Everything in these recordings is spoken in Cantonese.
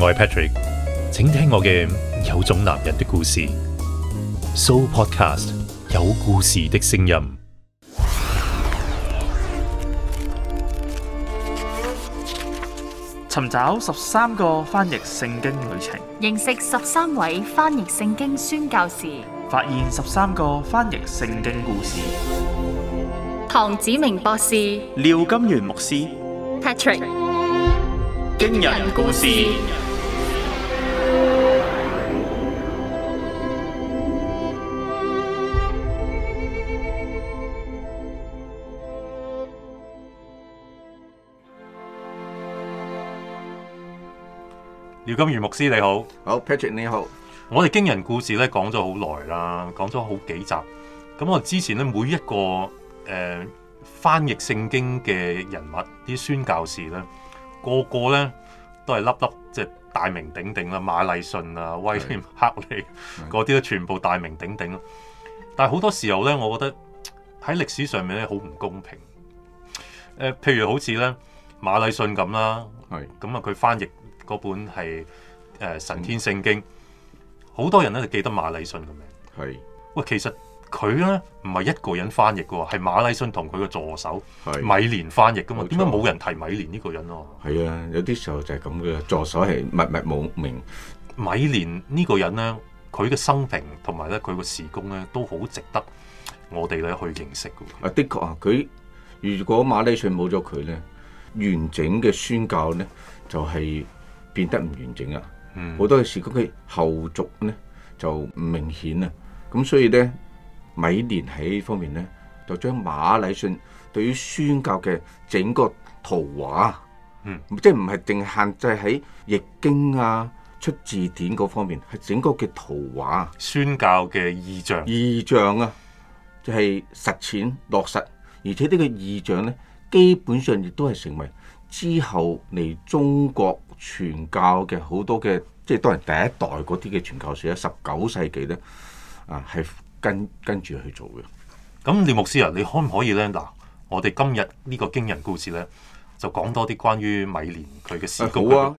我係 Patrick，請聽我嘅有種男人的故事。So Podcast 有故事的聲音，尋找十三個翻譯聖經旅程，認識十三位翻譯聖經宣教士，發現十三個翻譯聖經故事。唐子明博士、廖金源牧師、Patrick，驚人故事。廖金如牧師你好，好 Patrick 你好，我哋驚人故事咧講咗好耐啦，講咗好幾集。咁我之前咧每一個誒、呃、翻譯聖經嘅人物，啲宣教士咧，個個咧都係粒粒即係、就是、大名鼎鼎啦，馬禮遜啊、威廉克利嗰啲都全部大名鼎鼎。但係好多時候咧，我覺得喺歷史上面咧好唔公平。誒、呃，譬如好似咧馬禮遜咁啦，咁啊佢翻譯。嗰本係誒神天聖經，好、嗯、多人咧就記得馬禮遜嘅名。係喂是，其實佢咧唔係一個人翻譯嘅喎，係馬禮遜同佢嘅助手是米憐翻譯嘅嘛。點解冇人提米憐呢個人咯？係啊，有啲時候就係咁嘅，助手係默默冇名。米憐呢個人咧，佢嘅生平同埋咧佢嘅事工咧都好值得我哋咧去認識嘅。啊，的確啊，佢如果馬禮遜冇咗佢咧，完整嘅宣教咧就係、是。變得唔完整啦，好、嗯、多嘅事，佢後續咧就唔明顯啦。咁所以咧，米憐喺方面咧就將馬禮遜對於宣教嘅整個圖畫，嗯，即係唔係淨限制喺譯經啊、出字典嗰方面，係整個嘅圖畫宣教嘅異象，異象啊，就係、是、實踐落實，而且呢個異象咧，基本上亦都係成為之後嚟中國。傳教嘅好多嘅，即係都係第一代嗰啲嘅傳教士啊！十九世紀咧，啊係跟跟住去做嘅。咁尼牧斯啊聶牧師，你可唔可以咧嗱？我哋今日呢個驚人故事咧，就講多啲關於米連佢嘅事工。局哎、啊。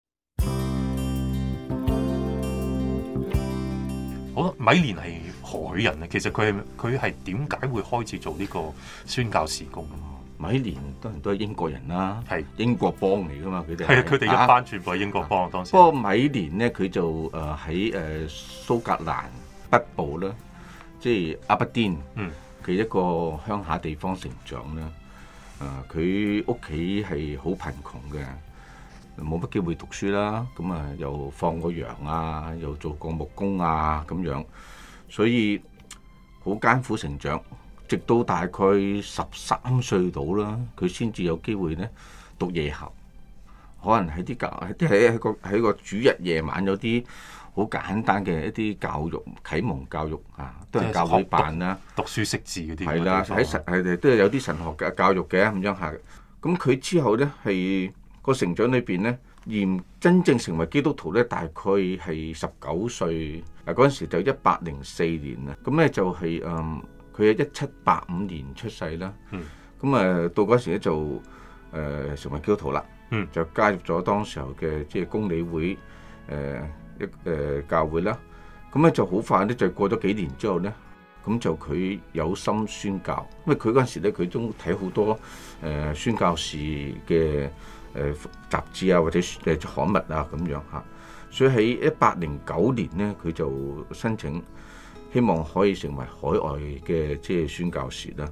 好，米連係何許人啊？其實佢佢係點解會開始做呢個宣教事工？米連當然都係英國人啦，係是英國幫嚟噶嘛，佢哋係佢哋一班全部係英國幫的當時、啊。不過米連呢，佢就誒喺誒蘇格蘭北部啦，即係阿伯丁嘅、嗯、一個鄉下地方成長啦。誒、呃，佢屋企係好貧窮嘅，冇乜機會讀書啦。咁啊，又放過羊啊，又做過木工啊咁樣，所以好艱苦成長。直到大概十三歲到啦，佢先至有機會咧讀夜校，可能喺啲教喺啲喺喺個喺個主日夜晚有啲好簡單嘅一啲教育啟蒙教育啊，都係教會辦啦，讀，讀書識字嗰啲係啦，喺神係都係有啲神學嘅教育嘅咁樣下。咁佢之後咧係個成長裏邊咧，而真正成為基督徒咧，大概係十九歲嗱嗰陣時就一百零四年啦。咁咧就係、是、嗯。佢喺一七八五年出世啦，咁啊、嗯、到嗰時咧就誒、呃、成為基督徒啦，嗯、就加入咗當時候嘅即係公理會誒一誒教會啦。咁咧就好快咧，就過咗幾年之後咧，咁就佢有心宣教，因為佢嗰陣時咧佢都睇好多誒、呃、宣教士嘅誒、呃、雜誌啊，或者誒刊物啊咁樣嚇。所以喺一八零九年咧，佢就申請。希望可以成為海外嘅即係宣教士啦，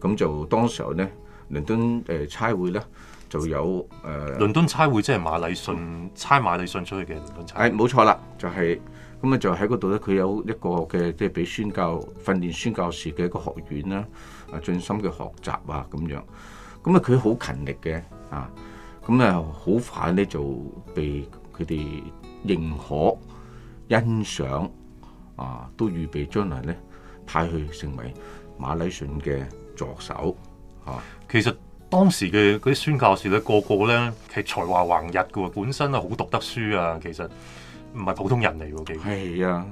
咁就當時候咧，倫敦誒差、呃、會咧就有誒。呃、倫敦差會即係馬禮遜差馬禮遜出去嘅倫敦差。誒冇錯啦，就係咁啊，就喺嗰度咧，佢有一個嘅即係俾宣教訓練宣教士嘅一個學院啦，啊進深嘅學習啊咁樣。咁啊，佢好勤力嘅啊，咁啊好快咧就被佢哋認可欣賞。啊，都預備將來咧派去成為馬禮遜嘅助手嚇。啊、其實當時嘅嗰啲宣教士咧，個個咧係才華橫溢嘅喎，本身啊好讀得書啊，其實唔係普通人嚟嘅。係啊，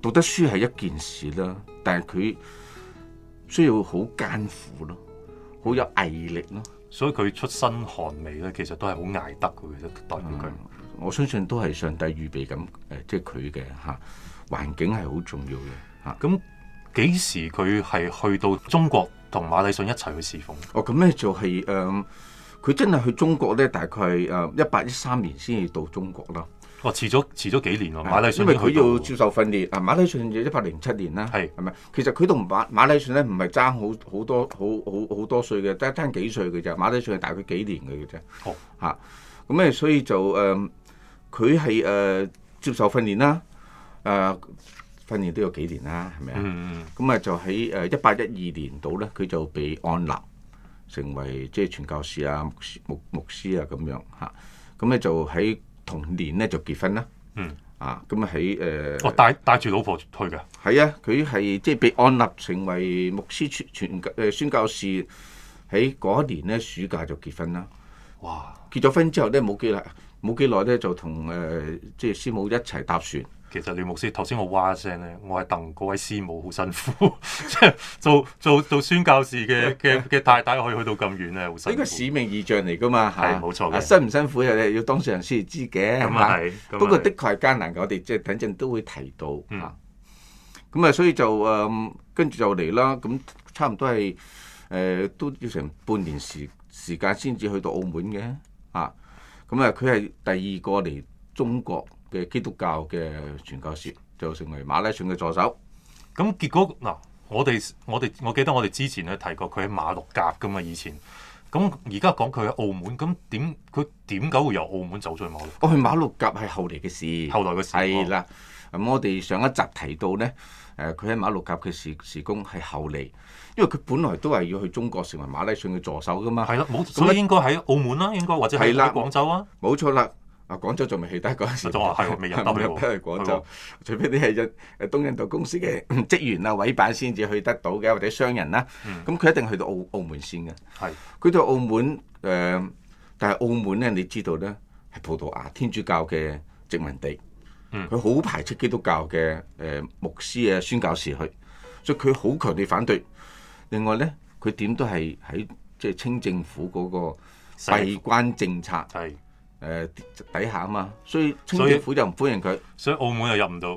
讀得書係一件事啦，但係佢需要好艱苦咯，好有毅力咯，所以佢出身寒微咧，其實都係好捱得佢代表佢，嗯，我相信都係上帝預備咁誒，即係佢嘅嚇。啊環境係好重要嘅嚇，咁幾時佢係去到中國同馬禮遜一齊去侍奉？哦，咁咧就係、是、誒，佢、嗯、真係去中國咧，大概誒一八一三年先至到中國啦。哦、嗯，遲咗遲咗幾年喎，啊、馬禮遜因為佢要接受訓練。啊，馬禮遜就一八零七年啦，係係咪？其實佢同馬馬禮遜咧唔係爭好好多好好好，好多歲嘅，得爭幾歲嘅啫。馬禮遜係大概幾年嘅嘅啫。哦、嗯嗯，嚇、嗯，咁咧所以就誒，佢係誒接受訓練啦。fis Aff ố 誒、uh, 訓練都有幾年啦，係咪啊？咁啊、mm hmm. 就喺誒一八一二年度咧，佢就被按立成為即係傳教士啊、牧牧牧師啊咁樣嚇。咁、啊、咧就喺同年咧就結婚啦。嗯、mm。Hmm. 啊，咁啊喺誒。呃、哦，帶帶住老婆去㗎。係啊，佢係即係被按立成為牧師傳傳誒宣教士，喺嗰一年咧暑假就結婚啦。哇！結咗婚之後咧冇幾耐，冇幾耐咧就同誒即係師母一齊搭船。其實李牧師頭先我哇聲咧，我係鄧嗰位師母好辛苦，即 係做做做宣教士嘅嘅嘅太太可以去到咁遠咧，好辛苦。呢個使命意象嚟㗎嘛係，冇錯，啊，辛唔辛苦又係要當事人先至知嘅，咁啊不過的確係艱難嘅，我哋即係等陣都會提到嚇。咁、嗯、啊，所以就誒、嗯、跟住就嚟啦，咁差唔多係誒、啊、都要成半年時時間先至去到澳門嘅啊。咁啊，佢、啊、係第二個嚟中國。嘅基督教嘅傳教士就成為馬禮遜嘅助手。咁結果嗱，我哋我哋我記得我哋之前咧提過佢喺馬六甲噶嘛以前。咁而家講佢喺澳門，咁點佢點解會由澳門走咗去馬六？我、哦、去馬六甲係後嚟嘅事，後來嘅事係啦。咁了、哦嗯、我哋上一集提到咧，誒佢喺馬六甲嘅時時工係後嚟，因為佢本來都係要去中國成為馬禮遜嘅助手噶嘛。係啦，冇，所以應該喺澳門啦、啊，應該或者喺的廣州啊。冇錯啦。啊！廣州仲未去得嗰陣時，仲話係未入得去廣州，除非你係一誒東印度公司嘅職員啊、委辦先至去得到嘅，或者商人啦。咁佢一定去到澳澳門先嘅。係佢到澳門誒，但係澳門咧，你知道咧係葡萄牙天主教嘅殖民地。嗯，佢好排斥基督教嘅誒牧師啊、宣教士去，所以佢好強烈反對。另外咧，佢點都係喺即係清政府嗰個閉關政策。係。誒、呃、底下啊嘛，所以清政府就唔歡迎佢，所以澳門又入唔到。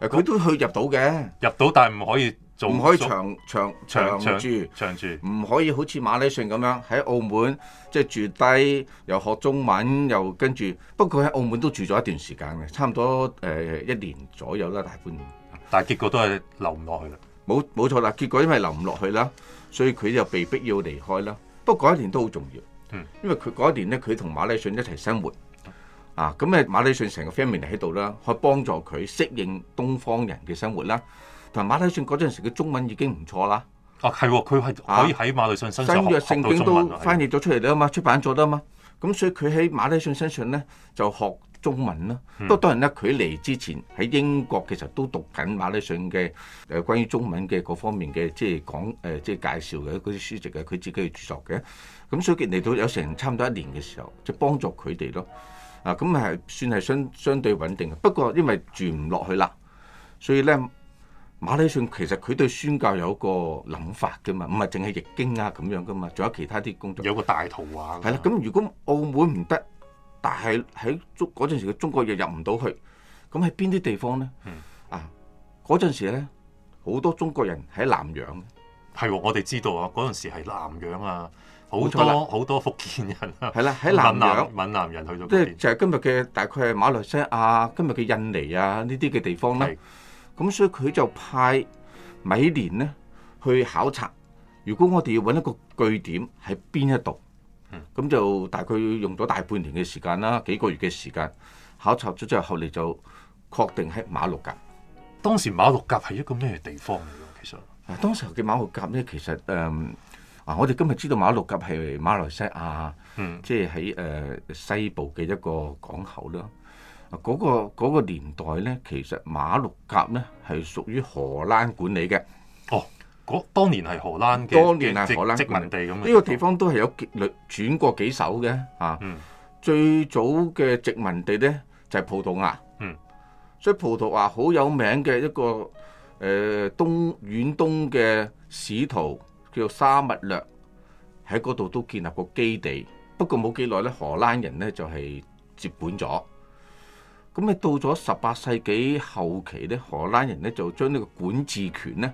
誒佢都去入到嘅，入到但係唔可以做，唔可以長長長,長住，長,長住唔可以好似馬禮遜咁樣喺澳門即係、就是、住低，又學中文，又跟住。不過佢喺澳門都住咗一段時間嘅，差唔多誒、呃、一年左右啦，大半年。但係結果都係留唔落去啦。冇冇、嗯、錯啦，結果因為留唔落去啦，所以佢就被逼要離開啦。不過嗰一年都好重要。因為佢嗰一年咧，佢同馬禮遜一齊生活，啊，咁、嗯、啊，馬禮遜成個 family 喺度啦，可以幫助佢適應東方人嘅生活啦。同、啊、馬禮遜嗰陣時嘅中文已經唔錯啦。啊，係佢係可以喺馬禮遜身上學新約聖經都翻譯咗出嚟啦嘛，的出版咗啦嘛。咁、嗯嗯、所以佢喺馬禮遜身上咧就學中文啦。都當然啦，佢嚟之前喺英國其實都讀緊馬禮遜嘅誒關於中文嘅各方面嘅即係講誒、呃、即係介紹嘅嗰啲書籍嘅，佢自己嘅著作嘅。咁所以嚟到有成差唔多一年嘅時候，就幫助佢哋咯。啊，咁係算係相相對穩定嘅。不過因為住唔落去啦，所以咧馬禮遜其實佢對宣教有一個諗法嘅嘛，唔係淨係譯經啊咁樣嘅嘛，仲有其他啲工作。有個大圖畫。係啦，咁如果澳門唔得，但係喺中嗰陣時嘅中國又入唔到去，咁喺邊啲地方咧？嗯、啊，嗰陣時咧好多中國人喺南洋。係，我哋知道啊，嗰陣時係南洋啊。好多好多福建人啦，係啦， 喺南洋、閩南人去到，即係就係今日嘅大概係馬來西亞、今日嘅印尼啊呢啲嘅地方啦。咁的所以佢就派米連呢去考察，如果我哋要搵一個據點喺邊一度，咁、嗯、就大概用咗大半年嘅時間啦，幾個月嘅時間考察咗之後，後嚟就確定喺馬六甲。當時馬六甲係一個咩地方嚟㗎？其實，當時嘅馬六甲咧，其實誒。嗯啊！我哋今日知道馬六甲係馬來西亞，嗯、即係喺誒西部嘅一個港口咯。嗰、啊嗰個嗰個年代咧，其實馬六甲咧係屬於荷蘭管理嘅。哦，嗰當年係荷蘭嘅當年係荷蘭殖民地咁。呢個地方都係有幾轉過幾手嘅啊！嗯、最早嘅殖民地咧就係、係、葡萄牙。嗯。所以葡萄牙好有名嘅一個誒東、呃、遠東嘅使徒。叫沙勿略喺嗰度都建立個基地，不過冇幾耐咧，荷蘭人咧就係、是、接管咗。咁啊，到咗十八世紀後期咧，荷蘭人咧就將呢個管治權咧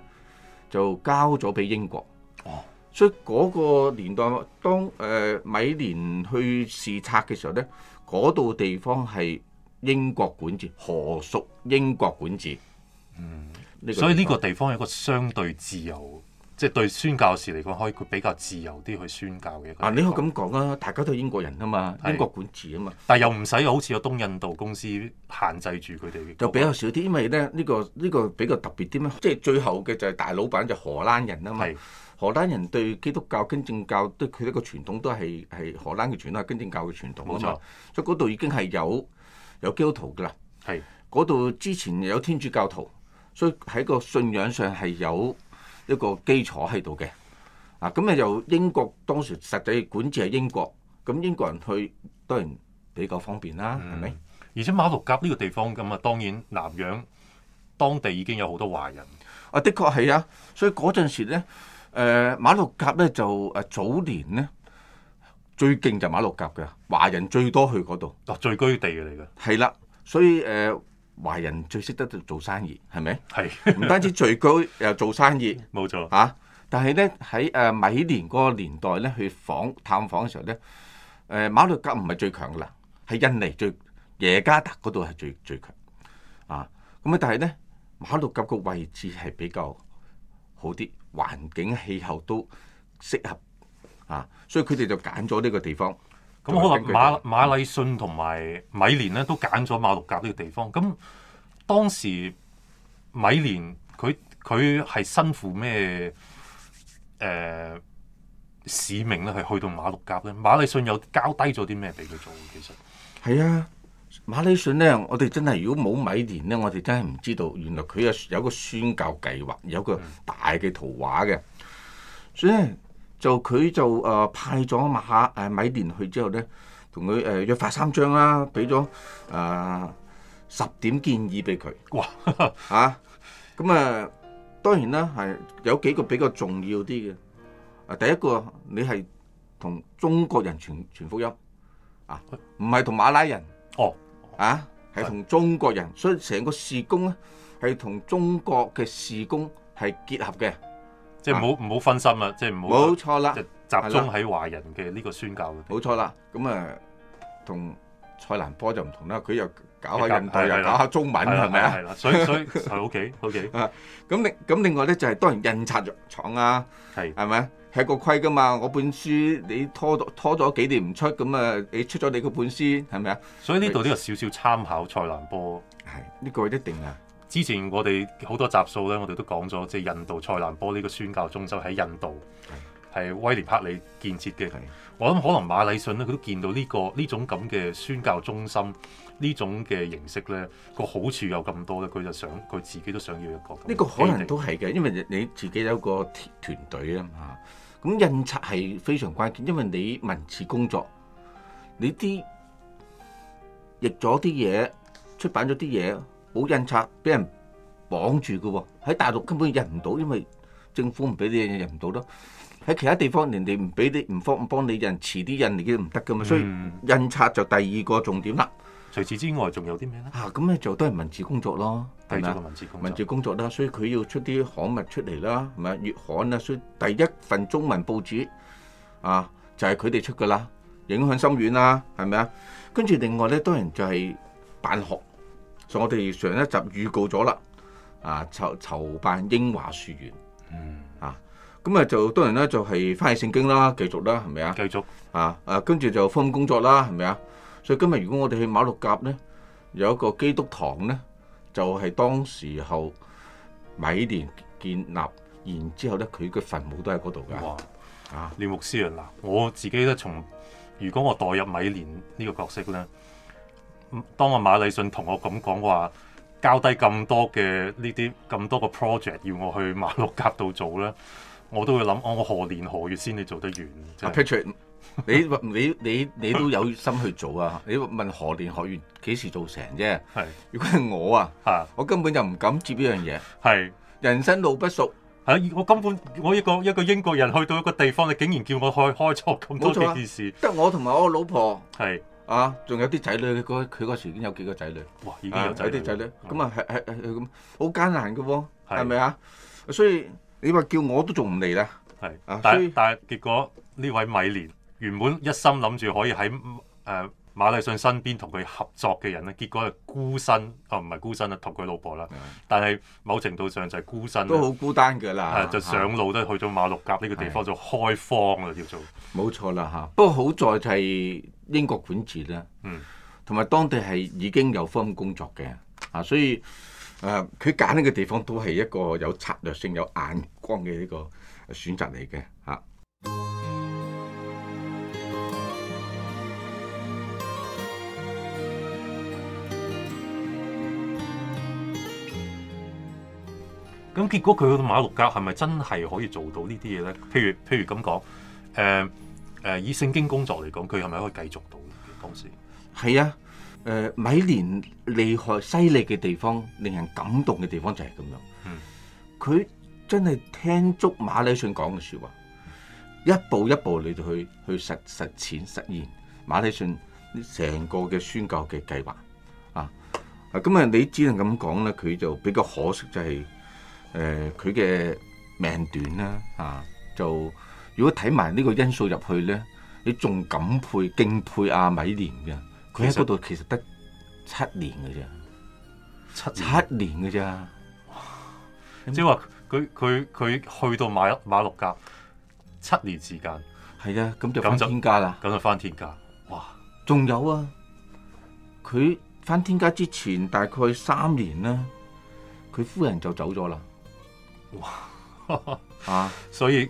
就交咗俾英國。哦，所以嗰個年代，當誒、呃、米連去視察嘅時候咧，嗰度地方係英國管治，何屬英國管治？嗯，所以呢個地方有一個相對自由。即係對宣教士嚟講，可以佢比較自由啲去宣教嘅。嗱，你可以咁講啊，大家都英國人啊嘛，是英國管治啊嘛。但係又唔使好似有東印度公司限制住佢哋。就比較少啲，因為咧呢、呢個呢、呢個比較特別啲咩？即係最後嘅就係大老闆就係、荷蘭人啊嘛。是荷蘭人對基督教、更正教都佢一個傳統都係係荷蘭嘅傳統、更正教嘅傳統。冇錯，所以嗰度已經係有有基督徒㗎啦。係嗰度之前有天主教徒，所以喺個信仰上係有。一個基礎喺度嘅，啊咁咧由英國當時實際管治係英國，咁英國人去當然比較方便啦，係咪、嗯？吧而且馬六甲呢個地方咁啊，當然南洋當地已經有好多華人，啊，的確係啊，所以嗰陣時咧，誒、呃、馬六甲咧就誒早年咧最勁就馬六甲嘅華人最多去嗰度，哦聚居地嚟嘅，係啦，所以誒。呃華人最識得做生意，係咪？係，唔單止最高又做生意，冇 錯嚇、啊。但係咧喺誒米聯嗰個年代咧去訪探訪嘅時候咧，誒馬六甲唔係最強噶啦，係印尼最耶加達嗰度係最最強啊。咁啊，但係咧馬六甲個位置係比較好啲，環境氣候都適合啊，所以佢哋就揀咗呢個地方。咁可能馬馬禮遜同埋米連咧都揀咗馬六甲呢個地方。咁當時米連佢佢係身負咩誒、呃、使命咧？係去到馬六甲咧？馬禮遜有交低咗啲咩俾佢做？其實係啊，馬禮遜咧，我哋真係如果冇米連咧，我哋真係唔知道原來佢有有個宣教計劃，有個大嘅圖畫嘅，所以。就佢就誒、呃、派咗馬誒、啊、米連去之後咧，同佢誒約法三章啦、啊，俾咗誒十點建議俾佢。哇嚇！咁誒、啊呃、當然啦，係有幾個比較重要啲嘅。誒、啊、第一個你係同中國人傳傳福音啊，唔係同馬拉人哦啊，係同中國人，的所以成個事工呢事工咧係同中國嘅事工係結合嘅。即係唔好唔好分心啦，即係唔好，冇錯啦，就集中喺華人嘅呢個宣教。冇錯啦，咁啊，同蔡蘭波就唔同啦，佢又搞下印度，又搞下中文，係咪啊？係啦，所以所以 OK OK 啊，咁另咁另外咧就係當然印刷廠啊，係係咪啊？係個規㗎嘛，我本書你拖拖咗幾年唔出，咁啊，你出咗你個本書係咪啊？所以呢度都有少少參考蔡蘭波，係呢個一定啊。之前我哋好多集數咧，我哋都講咗，即係印度塞蘭波呢個宣教中心喺印度，係、嗯、威廉克里建設嘅。嗯、我諗可能馬禮遜咧，佢都見到呢、呢個呢種咁嘅宣教中心呢種嘅形式咧，個好處有咁多咧，佢就想佢自己都想要一個。呢個可能都係嘅，因為你自己有個團隊啊嘛。咁印刷係非常關鍵，因為你文字工作，你啲譯咗啲嘢，出版咗啲嘢。冇印刷俾人綁住嘅喎、哦，喺大陸根本印唔到，因為政府唔俾你，印唔到咯。喺其他地方人哋唔俾你唔方，唔幫你印，遲啲印你已經唔得噶嘛，所以印刷就第二個重點啦、嗯。除此之外，仲有啲咩咧？嚇、啊，咁咧就都係文字工作咯，係啊，文字工作啦，所以佢要出啲刊物出嚟啦，咪粵刊啊，所以第一份中文報紙啊就係佢哋出嘅啦，影響深遠啦，係咪啊？跟住另外咧，當然就係辦學。所以我哋上一集預告咗啦，啊籌籌辦英華書院，嗯、啊咁啊就當然咧就係翻去聖經啦，繼續啦，係咪續啊？繼續啊！誒跟住就分工作啦，係咪啊？所以今日如果我哋去馬六甲咧，有一個基督堂咧，就係、是、當時候米連建立，然之後咧佢嘅墳墓都喺嗰度㗎。哇啊，廖牧師啊，嗱、呃，我自己咧從，如果我代入米連呢個角色咧。當個馬禮信同我咁講話，交低咁多嘅呢啲咁多個 project 要我去馬六甲度做咧，我都會諗，我何年何月先至做得完？Patrick， 你你你你都有心去做啊？你問何年何月，幾時做成啫，啊？係是。如果係我啊，吓，啊，我根本就唔敢接呢樣嘢。係是。人生路不熟，吓，啊，我根本我一個一個英國人去到一個地方，你竟然叫我去開錯咁多件事。冇錯，啊，得我同埋我老婆。係。啊，仲有啲仔女，佢嗰佢嗰時已經有幾個仔女，哇，已經有仔女、啊、女，咁、嗯、啊，係係係咁，好艱難嘅喎，係咪是啊？所以你話叫我都仲唔嚟喇？係，但但係結果呢位米蓮原本一心諗住可以喺誒，呃馬利信身邊同佢合作嘅人咧，結果係孤身，啊唔係孤身啦，同佢老婆啦。的但係某程度上就係孤身，都好孤單㗎啦、啊。就上路都的去咗馬六甲呢個地方做的開荒啊，叫做，冇錯啦吓，不過好在係英國管治啦，嗯，同埋當地係已經有方工作嘅啊，所以誒，佢揀呢個地方都係一個有策略性、有眼光嘅呢個選擇嚟嘅吓。啊咁結果佢去馬六甲係咪真係可以做到呢啲嘢咧？譬如譬如咁講，誒、呃、誒、呃、以聖經工作嚟講，佢係咪可以繼續到咧？當時係啊，誒、呃、米連厲害犀利嘅地方，令人感動嘅地方就係咁樣。佢、嗯、真係聽足馬禮遜講嘅説話，一步一步你就去去實實踐實現馬禮遜成個嘅宣教嘅計劃。啊啊咁啊！你只能咁講咧，佢就比較可惜，就係、是。誒，佢嘅命短啦，啊就如果睇埋呢個因素入去咧，你仲感佩敬佩阿米連嘅，佢喺嗰度其實得七年㗎啫，七七年㗎啫，即係話佢佢佢去到馬馬六甲七年時間，係啊，咁就返天家啦，咁就返天家，哇！仲有啊，佢返天家之前大概三年啦，佢夫人就走咗啦。 所以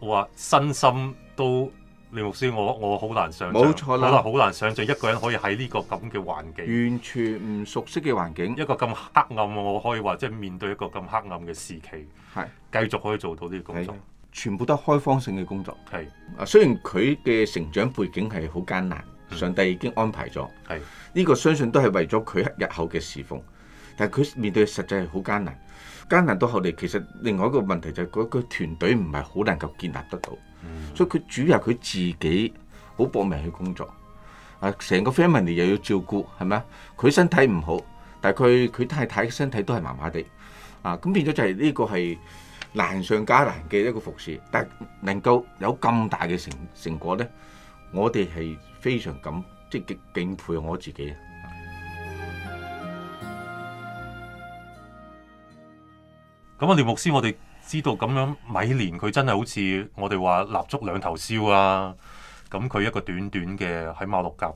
話身心都梁牧師，我我好難想象，冇錯啦，好難想象一個人可以喺呢個咁嘅環境，完全唔熟悉嘅環境，一個咁黑暗，我可以話即係面對一個咁黑暗嘅時期，係繼是續可以做到呢個工作，全部都係開放性嘅工作，係是。啊，雖然佢嘅成長背景係好艱難，嗯、上帝已經安排咗，係呢是個相信都係為咗佢日後嘅侍奉，但係佢面對實際係好艱難。艱難到後嚟，其實另外一個問題就係嗰個團隊唔係好能夠建立得到，mm hmm. 所以佢主要係佢自己好搏命去工作，啊，成個 family 又要照顧，係咪啊？佢身體唔好，但係佢佢太太身體都係麻麻地，啊，咁變咗就係呢個係難上加難嘅一個服侍，但係能夠有咁大嘅成成果咧，我哋係非常感即係極敬佩我自己。咁阿廖牧師，我哋知道咁樣米連佢真係好似我哋話蠟燭兩頭燒啊。咁佢一個短短嘅喺馬六甲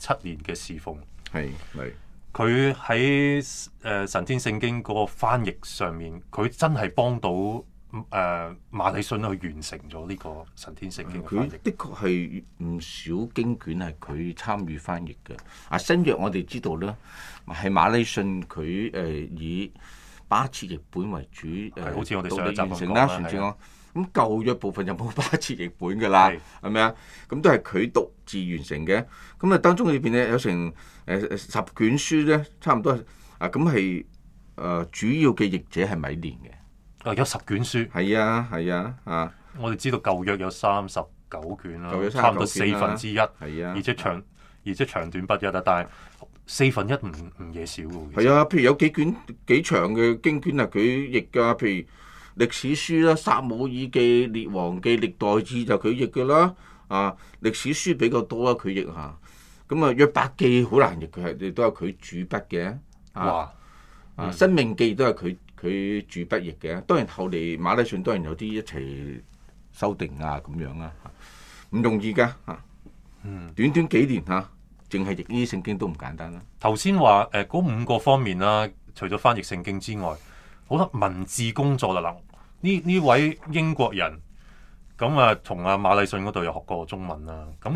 七年嘅侍奉，係係佢喺誒神天聖經嗰個翻譯上面，佢真係幫到誒、呃、馬禮遜去完成咗呢個神天聖經嘅翻譯。佢的，的確係唔少經卷係佢參與翻譯嘅。啊，新約我哋知道啦，係馬禮遜佢誒、呃、以。巴切譯本為主，係好似我哋上一集講啦，上次講，咁舊約部分就冇巴切譯本噶啦，係咪啊？咁都係佢獨自完成嘅。咁啊，當中呢邊咧有成誒十卷書咧，差唔多啊，咁係誒主要嘅譯者係米憐嘅。啊，有十卷書。係啊，係啊，啊！我哋知道舊約有三十九卷啦，卷差唔多四分之一。係啊的，而且的長而且長短不一啊，但係。四分一唔唔嫌少嘅，係啊，譬如有幾卷幾長嘅經卷啊，佢譯噶，譬如歷史書啦，《撒母耳記》、《列王記》、《歷代志》就佢譯嘅啦，啊，歷史書比較多啦，佢譯下。咁啊，《約伯記》好難譯，佢係都有佢主筆嘅，哇，啊，《申、啊嗯啊、命記都》都係佢佢主筆譯嘅，當然後嚟馬禮遜當然有啲一齊修訂啊咁樣啦，唔、啊、容易噶，啊、嗯，短短幾年吓。啊淨係譯呢啲聖經都唔簡單啦。頭先話誒，嗰、呃、五個方面啦，除咗翻譯聖經之外，好啦，文字工作啦嗱，呢、啊、呢位英國人咁啊，同阿馬禮遜嗰度又學過中文啦，咁、啊、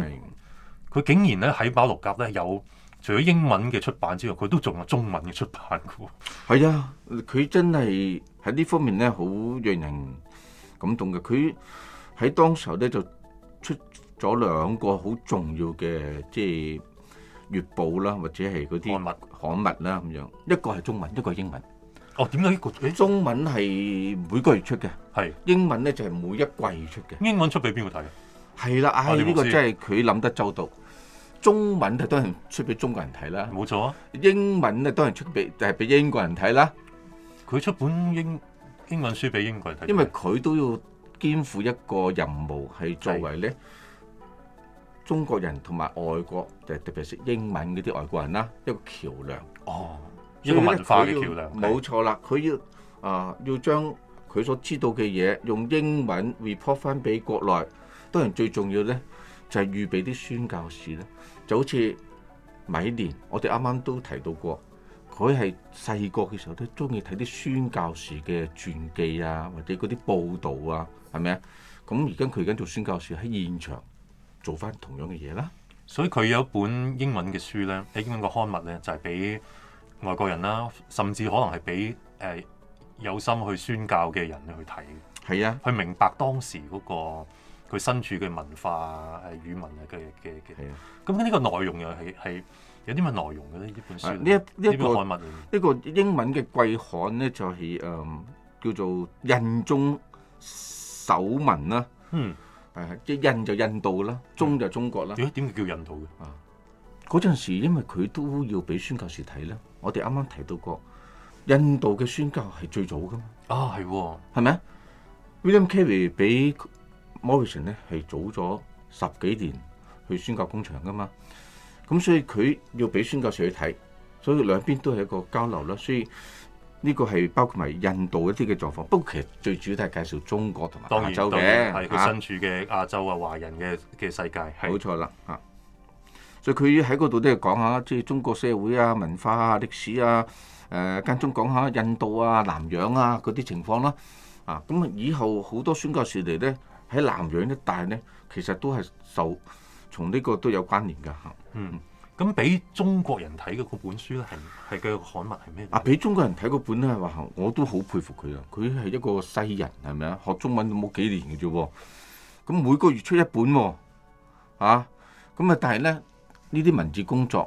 佢、嗯、的竟然咧喺馬六甲咧有除咗英文嘅出版之外，佢都仲有中文嘅出版噶喎。係啊，佢真係喺呢方面咧，好讓人感動嘅。佢喺當時候咧就出咗兩個好重要嘅，即係。月報啦，或者係嗰啲刊物啦咁樣，一個係中文，一個係英文。哦，點解一個？佢、欸、中文係每個月出嘅，係是英文咧就係每一季出嘅。英文出俾邊個睇啊？係啦的，啊麼，呢個真係佢諗得周到。中文就當然出俾中國人睇啦，冇錯啊。英文咧當然出俾係俾英國人睇啦。佢出本英英文書俾英國人睇，因為佢都要肩負一個任務係作為咧。中國人同埋外國，就特別識英文嗰啲外國人啦，一個橋梁，哦，一個呢文化嘅橋梁，冇錯啦，佢是要啊、呃，要將佢所知道嘅嘢用英文 report 翻俾國內。當然最重要咧，就係、是、預備啲宣教士咧，就好似米連，我哋啱啱都提到過，佢係細個嘅時候都中意睇啲宣教士嘅傳記啊，或者嗰啲報道啊，係咪啊？咁而家佢而家做宣教士喺現場，做翻同樣嘅嘢啦，所以佢有一本英文嘅書咧，喺英文嘅刊物咧，就係、是、俾外國人啦，甚至可能係俾誒有心去宣教嘅人咧去睇。係啊，去明白當時嗰、那個佢身處嘅文化誒、呃、語文嘅嘅嘅。咁呢、啊、個內容又係係有啲乜內容嘅咧？呢本書呢一、啊、呢、這個呢、這個英文嘅貴刊咧、就是，就係誒叫做印中守文啦、啊。嗯。係，即印就印度啦，中就中國啦。咦、欸？點解叫印度嘅？啊，嗰陣時因為佢都要俾宣教士睇咧。我哋啱啱提到過，印度嘅宣教係最早噶嘛啊，係、哦，係咪啊？William Carey 比 Morrison 咧係早咗十幾年去宣教工場噶嘛咁所以佢要俾宣教士去睇，所以兩邊都係一個交流啦，所以，呢個係包括埋印度一啲嘅狀況，不過其實最主要都係介紹中國同埋亞洲嘅，佢身處嘅亞洲啊、華人嘅嘅世界，冇錯啦嚇、啊。所以佢喺嗰度都係講下，即、就、係、是、中國社會啊、文化啊、歷史啊，誒、呃、間中講下印度啊、南洋啊嗰啲情況啦、啊。啊，咁以後好多宣教士嚟咧喺南洋一帶咧，其實都係受從呢個都有關聯嘅嚇。啊、嗯。咁俾中國人睇嘅嗰本書咧，係係嘅刊物係咩？啊，俾中國人睇嗰本咧，話我都好佩服佢啊！佢係一個西人，係咪啊？學中文都冇幾年嘅啫，咁每個月出一本喎，咁啊！但係咧呢啲文字工作，誒、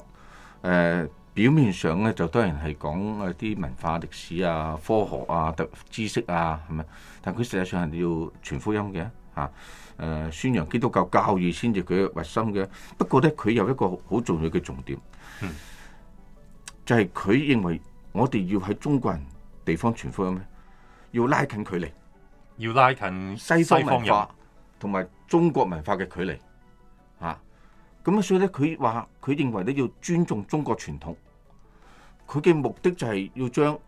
呃、表面上咧就當然係講啊啲文化、歷史啊、科學啊、知識啊，係咪？但佢實際上係要傳福音嘅。啊！誒，宣揚基督教教義先至佢核心嘅，不過咧，佢有一個好重要嘅重點，嗯、就係佢認為我哋要喺中國人地方傳福音要拉近距離，要拉近西方，西方文化同埋中國文化嘅距離，啊！咁、嗯、啊，所以咧，佢話佢認為咧要尊重中國傳統，佢嘅目的就係要將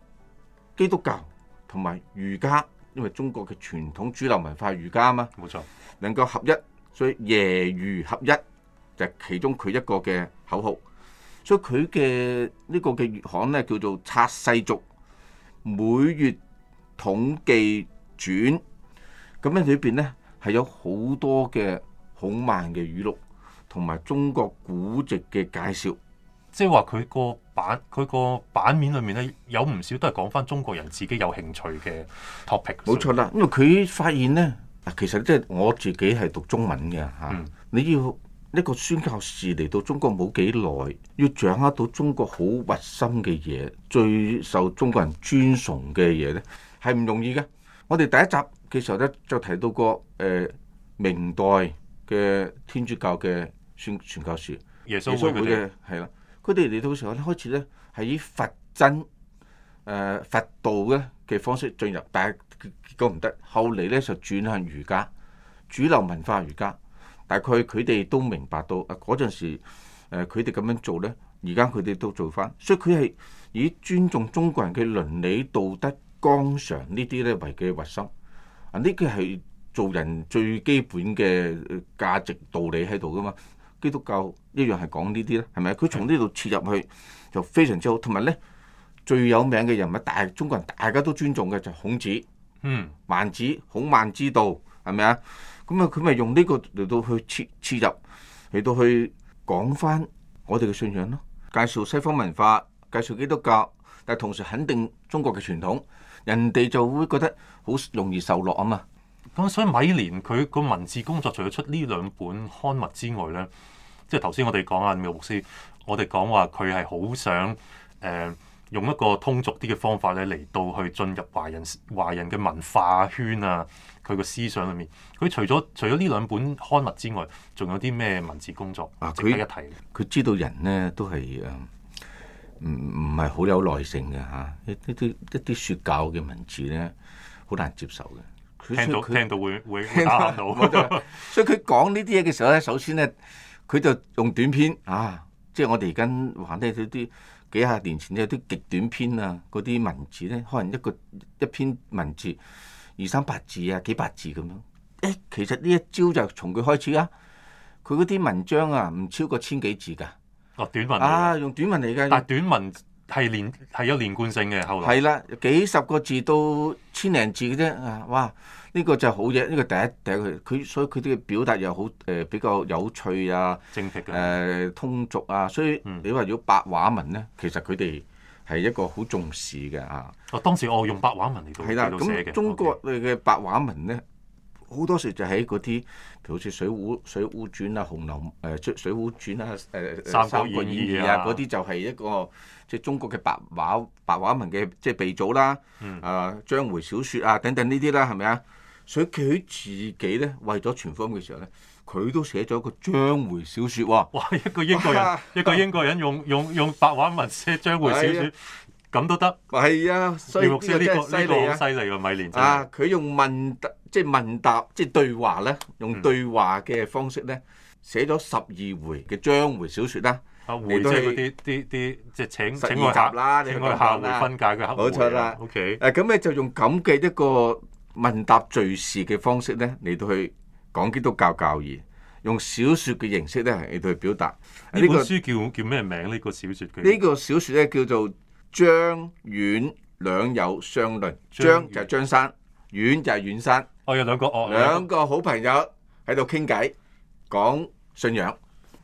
基督教同埋儒家。因為中國嘅傳統主流文化儒家啊嘛，冇錯，能夠合一，所以耶儒合一就係、是、其中佢一個嘅口號。所以佢嘅呢個嘅月刊呢，叫做拆世族，每月統計轉，咁樣裏邊呢，係有好多嘅孔孟嘅語錄，同埋中國古籍嘅介紹。即係話佢個版佢個版面裏面咧，有唔少都係講翻中國人自己有興趣嘅 topic。冇錯啦，因為佢發現咧，嗱，其實即係我自己係讀中文嘅吓、嗯啊。你要一個宣教士嚟到中國冇幾耐，要掌握到中國好核心嘅嘢，最受中國人尊崇嘅嘢咧，係唔容易嘅。我哋第一集嘅時候咧，就提到個誒、呃、明代嘅天主教嘅宣傳教士耶穌會嘅係啦。佢哋嚟到時候咧，開始咧係以佛真誒、呃、佛道嘅嘅方式進入，但係結果唔得。後嚟咧就轉向儒家主流文化儒家。大概佢哋都明白到啊，嗰陣時誒佢哋咁樣做咧，而家佢哋都做翻。所以佢係以尊重中國人嘅倫理道德、綱常呢啲咧為嘅核心啊！呢個係做人最基本嘅價值道理喺度噶嘛。基督教一樣係講呢啲咧，係咪？佢從呢度切入去的就非常之好，同埋咧最有名嘅人物，大中國人大家都尊重嘅就係孔子，嗯，孟子，孔孟之道係咪啊？咁啊，佢咪用呢個嚟到去切切入嚟到去講翻我哋嘅信仰咯，介紹西方文化，介紹基督教，但係同時肯定中國嘅傳統，人哋就會覺得好容易受落啊嘛。咁所以米連佢個文字工作，除咗出呢兩本刊物之外咧。即係頭先我哋講啊，妙牧師，我哋講話佢係好想誒、呃，用一個通俗啲嘅方法咧嚟到去進入華人華人嘅文化圈啊，佢個思想裏面，佢除咗除咗呢兩本刊物之外，仲有啲咩文字工作、啊、他值得一提？佢知道人咧都係誒，唔唔係好有耐性嘅吓，一啲啲一啲說教嘅文字咧，好難接受嘅。聽到聽到，他聽到會會打喊露 所以佢講呢啲嘢嘅時候咧，首先咧。Recently, 呢佢就用短篇啊，即係我哋而家玩咧，佢啲幾廿年前有啲極短篇啊，嗰啲文字咧，可能一個一篇文字二三百字啊，幾百字咁樣。誒、欸，其實呢一招就從佢開始啊。佢嗰啲文章啊，唔超過千幾字㗎。哦、啊，短文啊，用短文嚟嘅？但係短文係連係有連貫性嘅，後來係啦，幾十個字到千零字嘅啫啊，哇！呢個就係好嘢，呢、這個第一第一佢佢所以佢啲表達又好誒、呃、比較有趣啊，精闢、呃、通俗啊，所以你話如果白話文咧，其實佢哋係一個好重視嘅啊。哦，當時我用白話文嚟到係啦，咁、嗯、的中國嘅白話文咧好 Okay 多時就喺嗰啲，譬如好似《水滸水滸傳》啊，《紅樓誒、呃、水水滸傳》啊，呃《誒三二二、啊、三國演義》啊嗰啲就係一個即係、就是、中國嘅白話白話文嘅即係鼻祖啦、啊。嗯。誒、啊，章回小説啊，等等呢啲啦，係咪啊？所以佢自己咧，為咗傳福音嘅時候咧，佢都寫咗一個章回小説喎。哇！一個英國人，一個英國人用用用白話文寫章回小説，咁都得。係啊，葉玉芝呢個呢好犀利啊，米連仔。啊，佢用問答，即係問答，即係對話咧，用對話嘅方式咧，寫咗十二回嘅章回小説啦。啊，回即係嗰啲啲啲，即係請請我答啦，請我下回分解嘅黑幕啦。冇錯啦。O K。誒，咁咧就用咁嘅一個。問答敘事嘅方式咧，嚟到去講基督教教義，用小説嘅形式咧，嚟到去表達。呢本書叫叫咩名？呢個小説嘅？呢個小説咧叫做張遠兩友相論。張，遠張就係張生，遠就係遠山。我、哦、有兩個呃。哦、兩個好朋友喺度傾偈講信仰，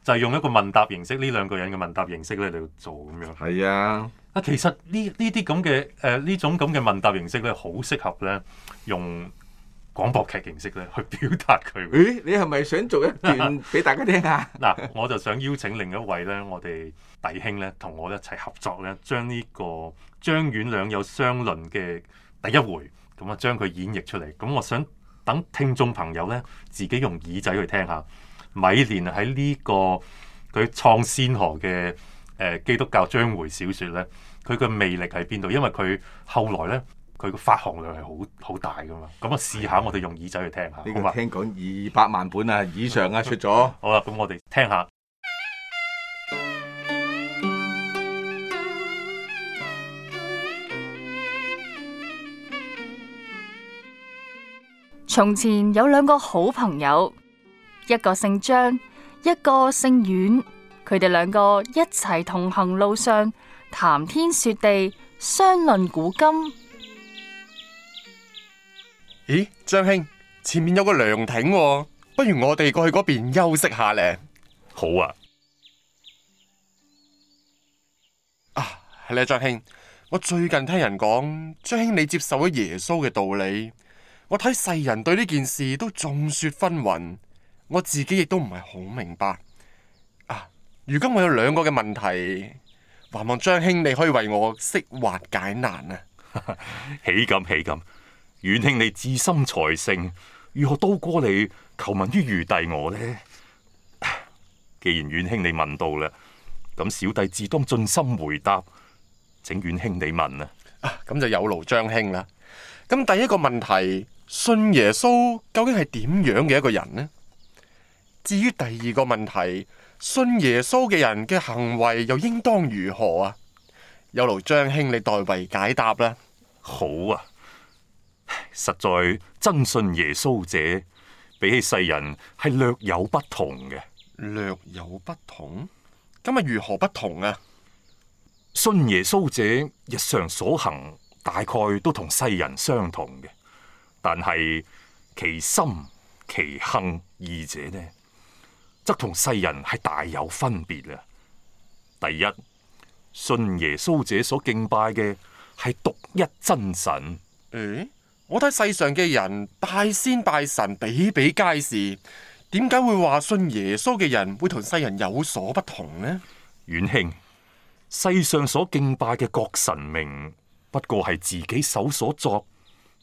就係用一個問答形式。呢兩個人嘅問答形式咧嚟到做咁樣。係啊。啊，其實呢呢啲咁嘅誒呢種咁嘅問答形式咧，好適合咧用廣播劇形式咧去表達佢。誒、欸，你係咪想做一段俾 大家聽下？嗱， 我就想邀請另一位咧，我哋弟兄咧，同我一齊合作咧，將呢、這個張遠兩友相論嘅第一回，咁啊將佢演繹出嚟。咁我想等聽眾朋友咧，自己用耳仔去聽下。米連喺呢個佢創先河嘅。誒基督教章回小說咧，佢嘅魅力喺邊度？因為佢後來咧，佢嘅發行量係好好大㗎嘛。咁啊，試下我哋用耳仔去聽下。呢個的嗎聽講二百萬本啊以上啊的出咗了。好啦，咁我哋聽下。從前有兩個好朋友，一個姓張，一個姓阮。佢哋兩個一齊同行路上，談天說地，相論古今。咦，張兄，前面有個涼亭喎，不如我哋過去嗰邊休息下咧。好啊。啊，係咧，張兄，我最近聽人講，張兄你接受咗耶穌嘅道理，我睇世人對呢件事都眾說紛紜，我自己亦都唔係好明白。如今我有兩個嘅問題，還望張兄你可以為我釋惑解難啊！ 豈敢豈敢，遠兄你智深才勝，如何都過嚟求問於愚弟我呢？既然遠兄你問到啦，咁小弟自當盡心回答，請遠兄你問啊！咁、啊、就有勞張兄啦。咁第一個問題，信耶穌究竟係點樣嘅一個人呢？至於第二個問題。信耶穌嘅人嘅行為又應當如何啊？有勞張兄你代為解答啦。好啊，實在真信耶穌者比起世人係略有不同嘅。略有不同？咁啊如何不同啊？信耶穌者日常所行大概都同世人相同嘅，但係其心其性二者呢？即同世人係大有分別啊！第一，信耶穌者所敬拜嘅，係獨一真神。誒、欸，我睇世上嘅人拜先拜神比比皆是，點解會話信耶穌嘅人會同世人有所不同呢？遠慶，世上所敬拜嘅各神明，不過係自己手所作，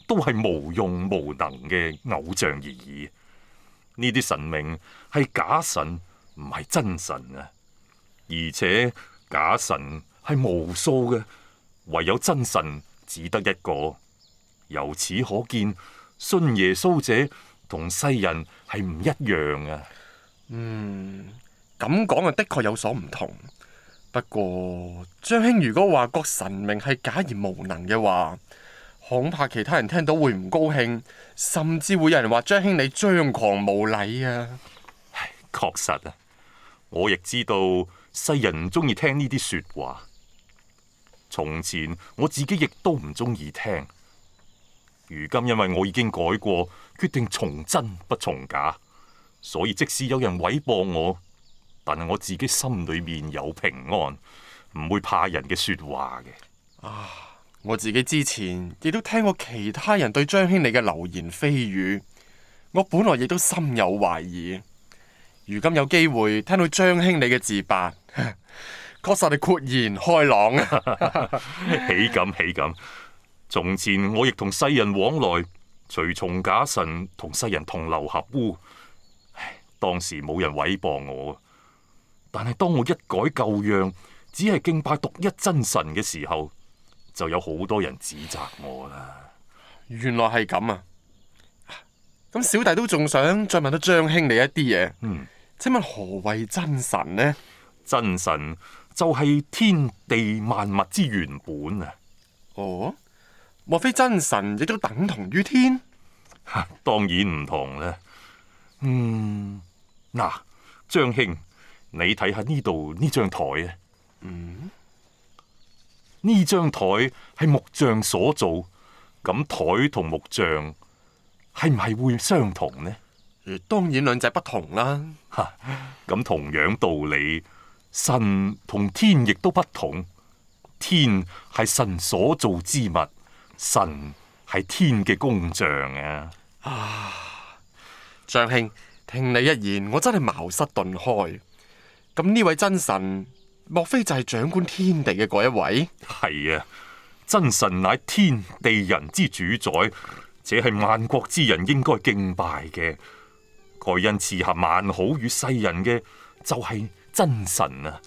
都係無用無能嘅偶像而已。呢啲神明係假神，唔係真神啊！而且假神係無數嘅，唯有真神只得一個。由此可見，信耶穌者同西人係唔一樣啊！嗯，咁講啊，的確有所唔同。不過張兄如果話各神明係假而無能嘅話，恐怕其他人聽到會唔高興，甚至會有人話張兄你張狂無禮啊！唉，確實啊，我亦知道世人唔中意聽呢啲說話。從前我自己亦都唔中意聽，如今因為我已經改過，決定從真不從假，所以即使有人毀謗我，但係我自己心裏面有平安，唔會怕人嘅說話嘅啊。我自己之前亦都聽過其他人對張兄你嘅流言蜚語，我本來亦都心有懷疑。如今有機會聽到張兄你嘅自白，確實係豁然開朗啊！ 豈敢豈敢，從前我亦同世人往來，隨從假神，同世人同流合污。唉，當時冇人毀謗我，但係當我一改舊樣，只係敬拜獨一真神嘅時候。就有好多人指責我啦。原來係咁啊！咁小弟都仲想再問到張兄你一啲嘢。嗯，請問何為真神呢？真神就係天地萬物之原本啊！哦，莫非真神亦都等同於天？吓，啊，當然唔同啦。嗯，嗱，張兄，你睇下呢度呢張台啊。嗯。呢張台係木匠所做，咁台同木匠係唔係會相同呢？當然兩者不同啦、啊。哈、啊，咁同樣道理，神同天亦都不同。天係神所造之物，神係天嘅工匠啊。啊，張兄，聽你一言，我真係茅塞頓開。咁呢位真神。莫非就係掌管天地嘅嗰一位？係啊，真神乃天地人之主宰，且係萬國之人應該敬拜嘅。蓋因賜下萬好與世人嘅就係、是、真神啊。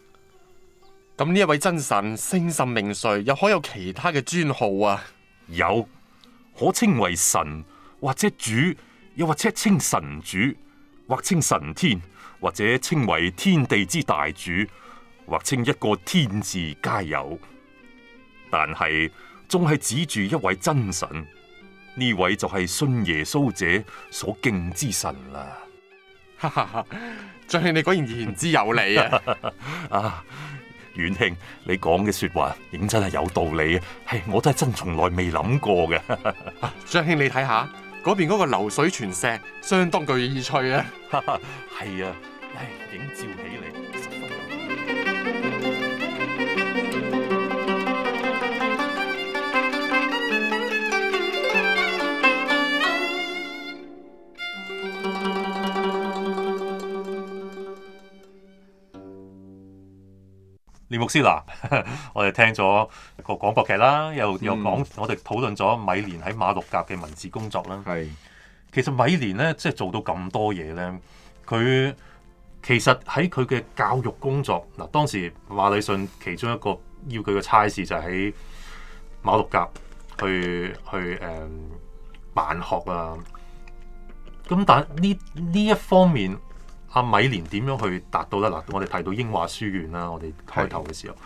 咁呢一位真神，姓甚名誰，又可有其他嘅尊號啊？有，可稱為神或者主，又或者稱神主，或稱神天，或者稱為天地之大主。或稱一個天字皆有，但係仲係指住一位真神，呢位就係信耶穌者所敬之神啦。張兄， 你果然言之有理 啊！啊，遠慶，你講嘅說話認真係有道理啊！係，我都係真從來未諗過嘅。張 兄， 你睇下嗰邊嗰個流水泉石，相當具意趣啊！係 啊，唉，影照起嚟。列牧師嗱， 我哋聽咗個廣播劇啦，又又講、嗯、我哋討論咗米連喺馬六甲嘅文字工作啦。係是，其實米連咧，即係做到咁多嘢咧，佢其實喺佢嘅教育工作嗱，當時馬禮遜其中一個要佢嘅差事就喺馬六甲去去誒、um, 辦學啊。咁但係呢呢一方面。阿米蓮點樣去達到咧？嗱，我哋提到英華書院啦，我哋開頭嘅時候，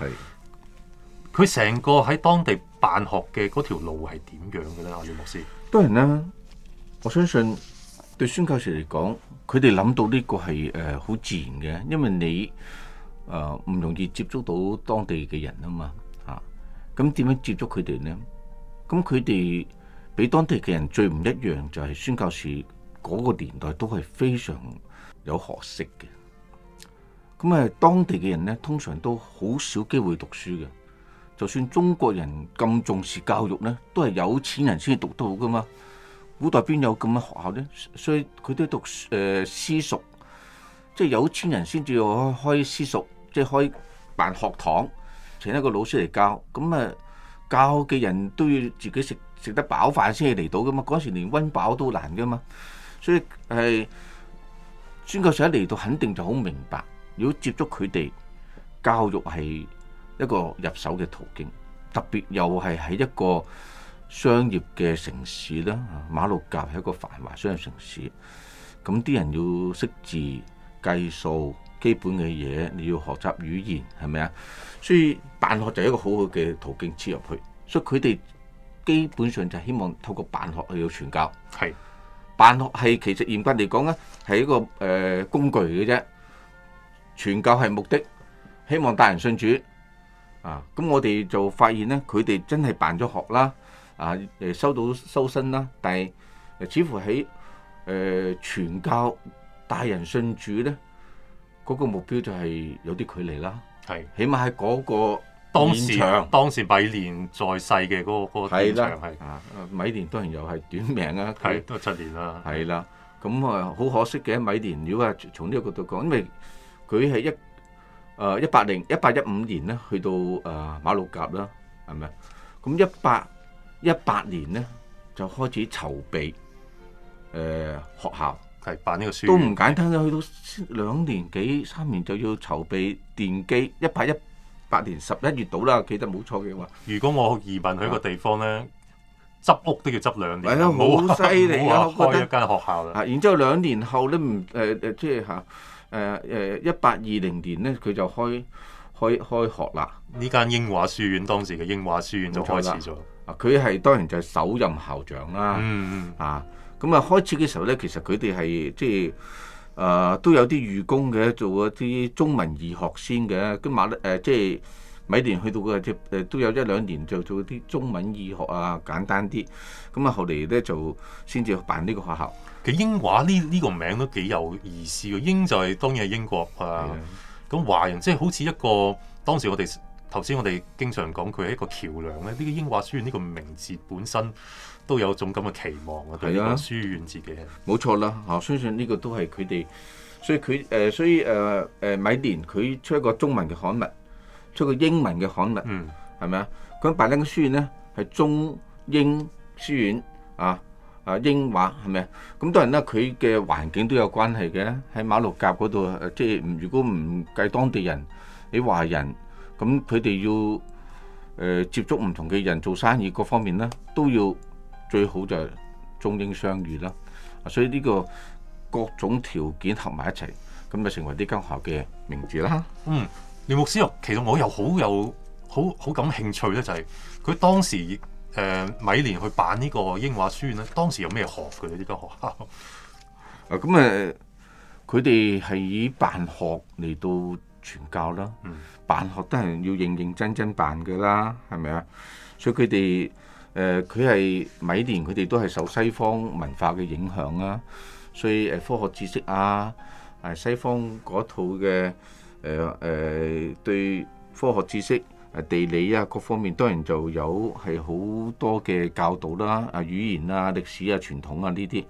佢成個喺當地辦學嘅嗰條路係點樣嘅咧？阿李牧師，當然啦，我相信對孫教士嚟講，佢哋諗到呢個係誒好自然嘅，因為你誒唔容易接觸到當地嘅人啊嘛，吓，咁點樣接觸佢哋咧？咁佢哋俾當地嘅人最唔一樣就係孫教士嗰個年代都係非常。有學識嘅，咁、嗯、啊，當地嘅人咧，通常都好少機會讀書嘅。就算中國人咁重視教育咧，都係有錢人先至讀到噶嘛。古代邊有咁嘅學校咧？所以佢都讀誒、呃、私塾，即、就、係、是、有錢人先至開開私塾，即、就、係、是、開辦學堂，請一個老師嚟教。咁、嗯、啊，教嘅人都要自己食食得飽飯先至嚟到噶嘛。嗰時連溫飽都難噶嘛，所以係。宣教士一嚟到肯定就好明白，如果接觸佢哋教育係一個入手嘅途徑，特別又係喺一個商業嘅城市啦，馬六甲係一個繁華商業城市，咁啲人要識字、計數、基本嘅嘢，你要學習語言係咪啊？所以辦學就係一個好好嘅途徑切入去，所以佢哋基本上就係希望透過辦學去到傳教，係。辦學係其實嚴格嚟講咧，係一個誒、呃、工具嘅啫，傳教係目的，希望大人信主啊。咁我哋就發現咧，佢哋真係辦咗學啦，啊誒收到收生啦，但係誒似乎喺誒傳教、大人信主咧，嗰、那個目標就係有啲距離啦，係的起碼喺嗰個。當時場當時米蓮在世嘅嗰、那個個電場係啊，米蓮當然又係短命啊，係都七年啦。係、嗯、啦，咁啊好可惜嘅。米蓮如果從呢個角度講，因為佢係一誒一八零一八一五年咧，去到誒、呃、馬六甲啦，係咪？咁一八一八年咧就開始籌備誒、呃、學校，係辦呢個書都唔簡單，的去到兩年幾三年就要籌備電機一八一。八年十一月到啦，記得冇錯嘅話。如果我移民去個地方咧，啊、執屋都要執兩年。唔好犀利啊！開一間學校啦、啊。然之後兩年後咧，唔誒誒，即係嚇誒誒，一八二零年咧，佢就開開開學啦。呢間英華書院當時嘅英華書院就開始咗。啊，佢係當然就係首任校長啦。嗯嗯。啊，咁啊，開始嘅時候咧，其實佢哋係即係。誒、呃、都有啲義工嘅，做一啲中文義學先嘅，今埋咧誒，即係每年去到嗰即誒，都有一兩年就做啲中文義學啊，簡單啲。咁、嗯、啊，後嚟咧就先至辦呢個學校。其實英華呢呢個名都幾有意思嘅，英就係、是、當然係英國啊。咁的華人即係、就是、好似一個當時我哋頭先我哋經常講佢係一個橋梁咧。呢、這個英華書院呢個名字本身。都有種咁嘅期望啊！對個書院自己，冇、啊、錯啦嚇，我相信呢個都係佢哋，所以佢誒、呃，所以誒誒每年佢出一個中文嘅刊物，出個英文嘅刊物，嗯，係咪啊？佢白領書院咧，係中英書院啊啊，英華係咪啊？咁當然啦，佢嘅環境都有關係嘅。喺馬六甲嗰度，即係如果唔計當地人，你華人咁佢哋要誒、呃、接觸唔同嘅人做生意各方面咧，都要。最好就係中英雙語啦，所以呢個各種條件合埋一齊，咁就成為呢間學校嘅名字啦。嗯，廖牧師其實我又好有好好感興趣咧、就是，就係佢當時誒、呃、米連去辦呢個英華書院咧，當時有咩學嘅呢間學校？ 啊，咁誒，佢哋係以辦學嚟到傳教啦。嗯，辦學都係要認認真真辦嘅啦，係咪啊？所以佢哋。誒，佢係米連，佢哋都係受西方文化嘅影響啊，所以誒科學知識啊，誒西方嗰套嘅誒誒對科學知識、誒地理啊各方面，當然就有係好多嘅教導啦、啊。啊語言啊、歷史啊、傳統啊呢啲，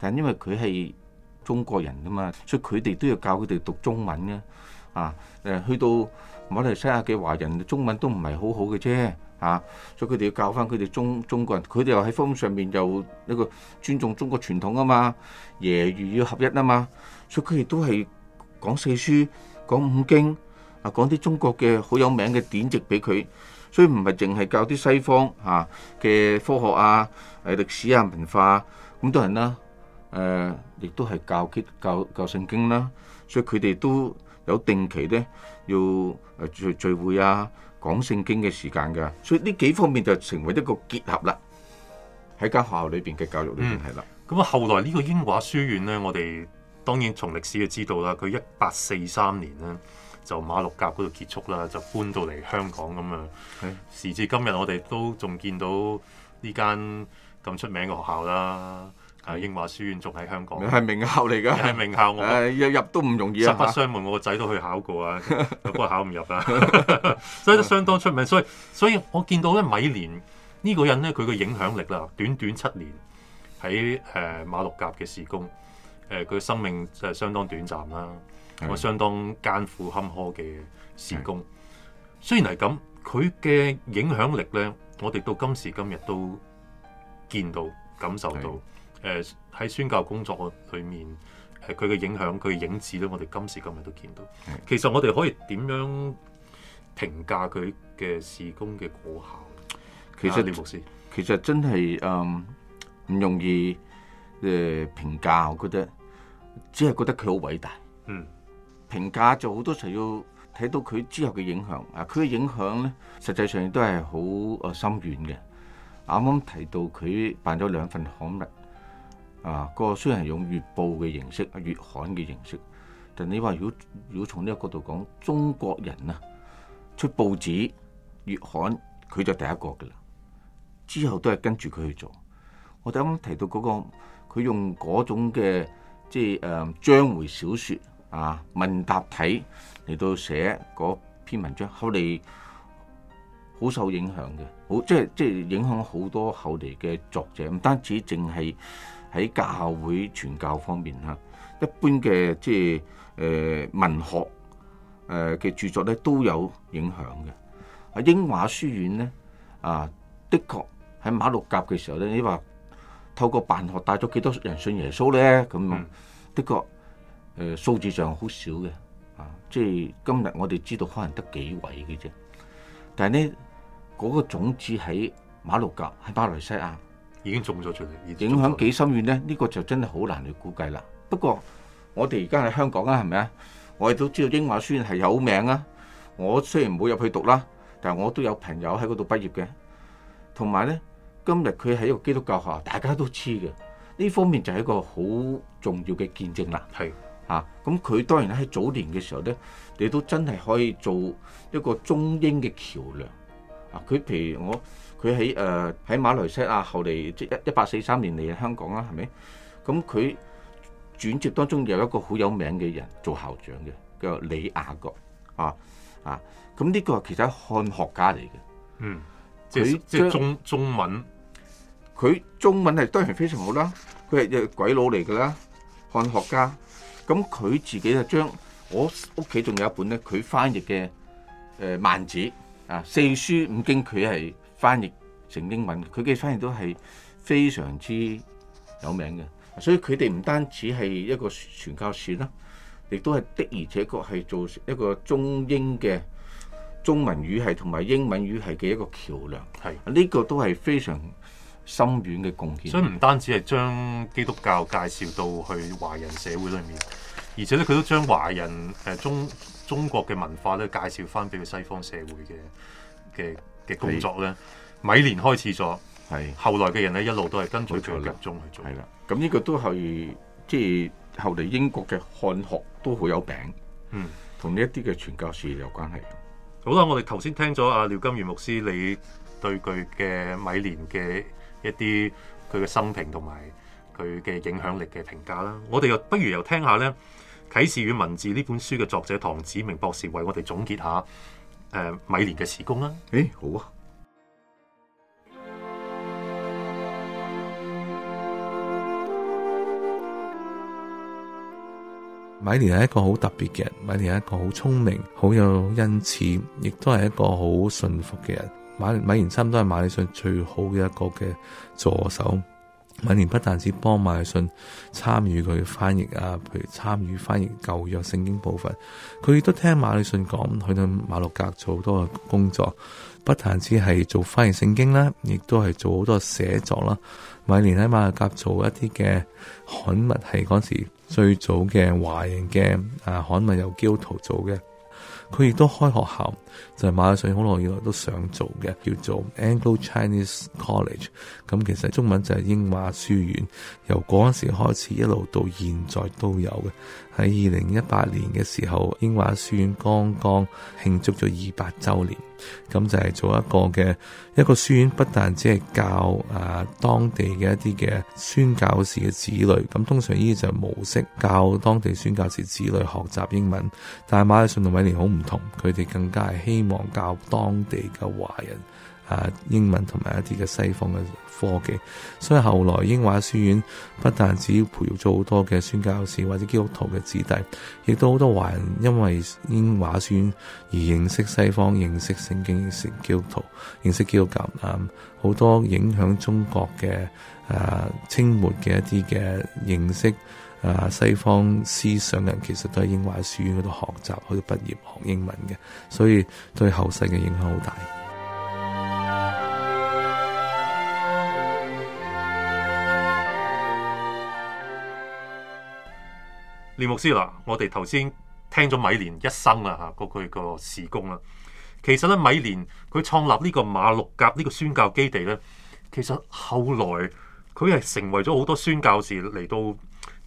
但因為佢係中國人㗎嘛，所以佢哋都要教佢哋讀中文嘅、啊。啊誒、呃、去到馬來西亞嘅華人，中文都唔係好好嘅啫。啊！所以佢哋要教翻佢哋中中國人，佢哋又喺方面上面又一個尊重中國傳統啊嘛，耶儒要合一啊嘛，所以佢哋都係講四書、講五經啊，講啲中國嘅好有名嘅典籍俾佢，所以唔係淨係教啲西方吓嘅、啊、科學啊、誒、啊、歷史啊、文化咁、啊、多人啦。誒、啊，亦都係教教教聖經啦。所以佢哋都有定期咧要誒聚聚會啊。講聖經嘅時間㗎，所以呢幾方面就成為一個結合啦。喺間學校裏邊嘅教育裏邊係啦。咁啊，後來呢個英華書院咧，我哋當然從歷史就知道啦。佢一八四三年咧就馬六甲嗰度結束啦，就搬到嚟香港咁啊。係。時至今日，我哋都仲見到呢間咁出名嘅學校啦。啊！英華書院仲喺香港，係名校嚟㗎，係名校我。誒、啊，入入都唔容易啊！實不相瞞，我個仔都去考過啊， 不過考唔入啊， 所以都相當出名。所以，所以我見到咧，米連呢、這個人咧，佢嘅影響力啦，短短七年喺誒、呃、馬六甲嘅事工，誒、呃、佢生命就係相當短暫啦，我相當艱苦坎坷嘅事工。雖然係咁，佢嘅影響力咧，我哋到今時今日都見到、感受到。誒喺、呃、宣教工作裏面，係佢嘅影響佢嘅影子咧，我哋今時今日都見到。是其實我哋可以點樣評價佢嘅事工嘅過效？其實，李牧師，其實真係誒唔容易誒評價。我覺得只係覺得佢好偉大。嗯，評價就好多時要睇到佢之後嘅影響。啊，佢嘅影響咧，實際上亦都係好誒深遠嘅。啱啱提到佢辦咗兩份刊物。啊，嗰個雖然用月報嘅形式，月刊嘅形式，但你話如果如果從呢個角度講，中國人啊出報紙、月刊佢就第一個㗎啦，之後都係跟住佢去做。我哋啱啱提到嗰、嗰個，佢用嗰種嘅即係誒、嗯、章回小説啊、問答體嚟到寫嗰篇文章，後嚟好受影響嘅，好即係即係影響好多後嚟嘅作者，唔單止淨係。喺教會傳教方面啦，一般嘅即係誒、呃、文學誒嘅著作咧都有影響嘅。英華書院咧啊，的確喺馬六甲嘅時候咧，你話透過辦學帶咗幾多人信耶穌咧？咁、嗯、的確誒、呃、數字上好少嘅啊，即係今日我哋知道可能得幾位嘅啫。但係咧，嗰個種子喺馬六甲喺馬來西亞。已經中咗出嚟，出影響幾深遠咧？呢個就真係好難去估計啦。不過我哋而家喺香港啊，係咪啊？我哋都知道英華書院係有名啊。我雖然唔好入去讀啦，但係我都有朋友喺嗰度畢業嘅。同埋咧，今日佢喺一個基督教學校，大家都知嘅。呢方面就係一個好重要嘅見證啦。係啊，咁佢當然喺早年嘅時候咧，你都真係可以做一個中英嘅橋梁啊。佢譬如我。佢喺誒喺馬來西亞後來，後嚟即一一八四三年嚟香港啦，啊，係咪？咁、嗯、佢轉接當中有一個好有名嘅人做校長嘅，叫李亞國啊啊！咁、啊、呢、啊嗯這個其實係漢學家嚟嘅，嗯，即佢即中中文，佢中文係當然非常好啦，佢係嘅鬼佬嚟㗎啦，漢學家。咁、嗯、佢自己就將我屋企仲有一本咧，佢翻譯嘅誒《孟、呃、子》啊，《四書五經》，佢係。翻譯成英文，佢嘅翻譯都係非常之有名嘅，所以佢哋唔單止係一個傳教士啦，亦都係的而且確係做一個中英嘅中文語系同埋英文語系嘅一個橋樑。係是，呢個都係非常深遠嘅貢獻。所以唔單止係將基督教介紹到去華人社會裏面，而且咧佢都將華人誒、呃、中中國嘅文化咧介紹翻俾佢西方社會嘅嘅。嘅工作咧，是米廉開始咗，係是後來嘅人咧一路都係跟住佢入中去做，係啦。咁呢個都係即係後嚟英國嘅漢學都好有名，嗯，同呢一啲嘅傳教士有關係。好啦，我哋頭先聽咗阿、啊、廖金元牧師你對佢嘅米廉嘅一啲佢嘅生平同埋佢嘅影響力嘅評價啦，的我哋又不如又聽下咧《啟示與文字》呢本書嘅作者唐子明博士為我哋總結下。誒、嗯、米連嘅時工啦，誒、哎、好啊！米連係一個好特別嘅人，米連係一個好聰明、好有恩賜，亦都係一個好信服嘅人。米米連差唔多係馬里孫最好嘅一個嘅助手。晚年不但止幫馬禮遜參與佢翻譯啊，譬如參與翻譯舊約聖經部分，佢亦都聽馬禮遜講去到馬六甲做好多嘅工作，不但止係做翻譯聖經啦，亦都係做好多寫作啦。晚年喺馬六甲做一啲嘅刊物，係嗰時最早嘅華人嘅啊刊物，有教徒做嘅，佢亦都開學校。就係馬來西好耐以來都想做嘅，叫做 Anglo Chinese College。咁其實中文就係英華書院，由嗰陣時開始一路到現在都有嘅。喺二零一八年嘅時候，英華書院剛剛慶祝咗二百週年，咁就係、是、做一個嘅一個書院，不但只係教啊當地嘅一啲嘅宣教士嘅子女，咁通常呢啲就模式教當地宣教士子女學習英文。但係馬來西同馬來好唔同，佢哋更加係。希望教當地嘅華人啊，英文同埋一啲嘅西方嘅科技，所以後來英華書院不但只培育咗好多嘅宣教士或者基督徒嘅子弟，亦都好多華人因為英華書院而認識西方、認識聖經、認識基督徒、認識基督教啊，嗯，好多影響中國嘅啊清末嘅一啲嘅認識。啊！西方思想人其實都喺英華書院嗰度學習，喺度畢業學英文嘅，所以對後世嘅影響好大。列牧師嗱，我哋頭先聽咗米連一生啊，嚇佢個事工啦。其實咧，米連佢創立呢個馬六甲呢個宣教基地咧，其實後來佢係成為咗好多宣教士嚟到。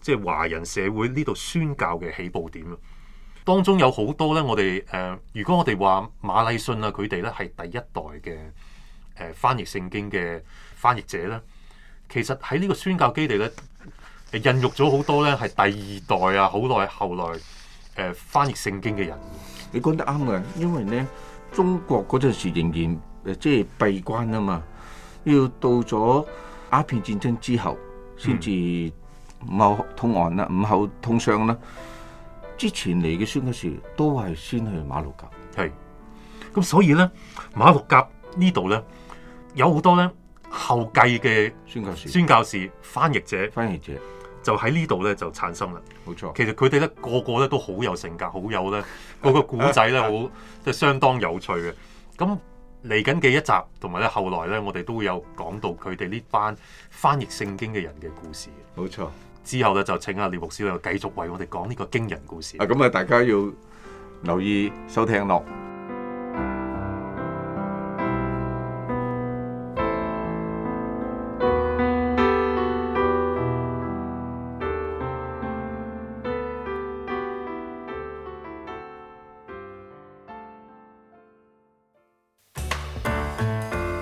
即係華人社會呢度宣教嘅起步點啦，當中有好多咧，我哋誒、呃，如果我哋話馬禮遜啊，佢哋咧係第一代嘅誒、呃、翻譯聖經嘅翻譯者咧，其實喺呢個宣教基地咧、呃，孕育咗好多咧係第二代啊，好耐後來誒、呃、翻譯聖經嘅人。你講得啱嘅，因為咧中國嗰陣時仍然誒即係閉關啊嘛，要到咗鴉片戰爭之後先至。五口通案啦，五口通商啦。之前嚟嘅宣教士都係先去馬六甲，係。咁所以咧，馬六甲呢度咧有好多咧後繼嘅宣教士、宣教士翻譯者、翻譯者，就喺呢度咧就產生啦。冇錯。其實佢哋咧個個咧都好有性格，好有咧嗰個古仔咧好，即係相當有趣嘅。咁嚟緊嘅一集，同埋咧後來咧，我哋都會有講到佢哋呢班翻譯聖經嘅人嘅故事。冇錯。之後咧，就請阿廖木小友繼續為我哋講呢個驚人故事。啊，咁、嗯、啊，大家要留意收聽咯。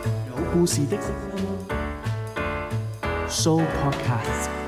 有故事的 Show Podcast。